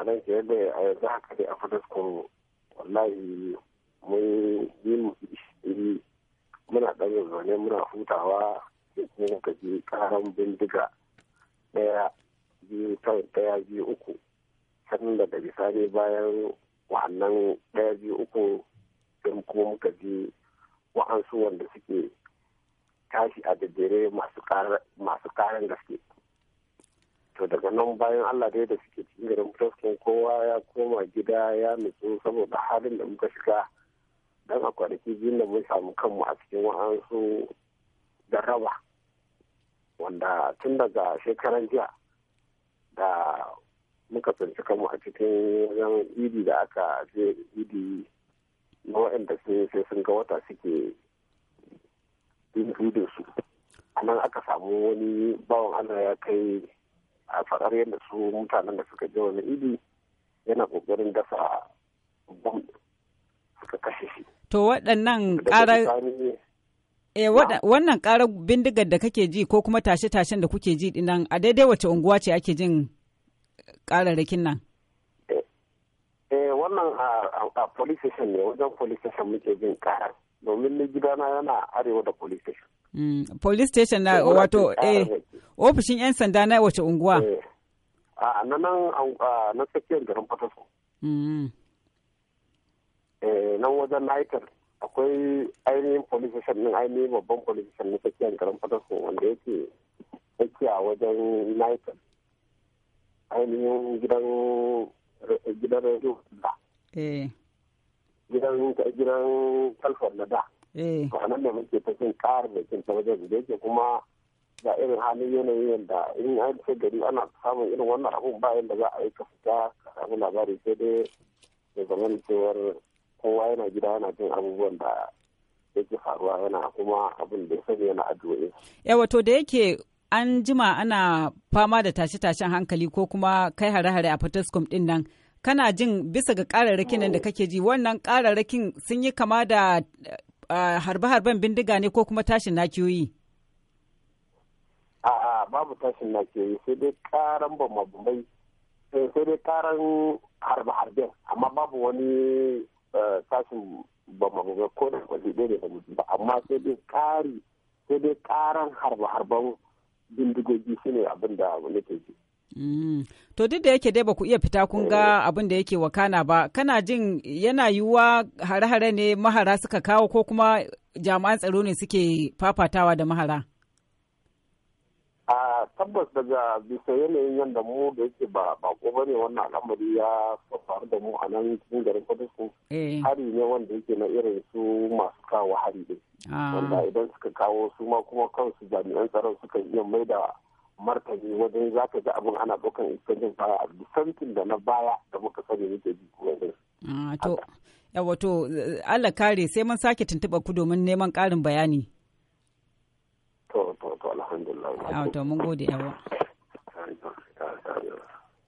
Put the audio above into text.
a nan ke yadda a yanzu haka dai a fadaskun wallahi mun yi muna ɗan zaune muna hutawa ne ka ji ƙaran bindiga ɗaya biyu ɗaya biyu uku sannan daga bisani bayan wa'annan ɗaya biyu uku sai kuma muka ji wa'ansu wanda suke tashi a daddare masu ƙaran gaske to daga nan bayan allah dai da suke cikin garin preston kowa ya koma gida ya nutsu saboda halin da muka shiga dan a kwanaki biyun da mun samu kanmu a cikin wa'ansu da raba wanda tun daga shekaran jiya da muka tsinci kanmu a cikin wajen idi da aka je idi na waɗanda sai sun ga wata suke yin su a nan aka samu wani bawan allah ya kai a faɗar yadda su mutanen da suka ji wani idi yana ƙoƙarin dasa bom suka kashe shi. To waɗannan ƙarar E, wannan ƙarar bindigar da kake ji ko kuma tashe-tashen da kuke ji dinan a daidai wace unguwa ce ake jin ƙararrakin nan? Eh, eh wannan a police station ne wajen police station muke jin ƙarar domin ni gidana yana arewa da police station. Mm, police station na wato eh Ofishin 'yan sanda na wace unguwa? Eh, a nan na tsakiyar garin Fatasu. Mm. Eh, nan wajen Naitar akwai ainihin police nan ainihin babban police station na tsakiyar garin Fatasu wanda yake tsakiya wajen Naitar. Ainihin gidan gidan rediyo da. Eh. Gidan gidan kalfar da da. Eh. Kwanan da muke ta cin ƙarar da cin ta wajen da yake kuma ga irin halin yanayi yadda in an ce gari ana samun irin wannan abun bayan da za a yi fita samu labari sai dai da zaman cewar kowa yana gida yana jin abubuwan da yake faruwa yana kuma abin da ya sani yana addu'o'i. Yawa to da yake an jima ana fama da tashe-tashen hankali ko kuma kai hare-hare a Potoskum din nan. Kana jin bisa ga kararrakin nan da kake ji wannan kararrakin sun yi kama da eh, harbe-harben bindiga ne ko kuma tashin nakiyoyi? babu tashin na ke yi sai dai karan bambai eh, sai dai karan harbe-harben amma babu wani eh, tashin bambai ko da kwasi ne da mutum ba amma sai dai kari sai dai karan harbe-harben bindigogi su ne abin da nake ji. Mm. To duk da yake dai ba ku iya fita kun ga eh. abin da yake wakana ba, kana jin yana yiwuwa hare-hare ne mahara suka kawo ko kuma jami'an tsaro ne suke fafatawa da mahara? tabbas daga bisa yanayin yadda mu da yake ba bako ba ne wannan al'amari ya faru da mu a nan cikin garin Fatisku. Eh. Hari ne wanda yake na irin su masu kawo hari ne. Ah. Wanda idan suka kawo su ma kuma kansu jami'an tsaron suka iya mai da martani wajen za ka ji abin ana ɗaukan iskancin baya a bisantin da na baya da muka sani muke ji ah, wajen. To, Allah kare sai mun sake tuntuɓa ku domin neman ƙarin bayani. alhamdulillah. to mun gode yawa.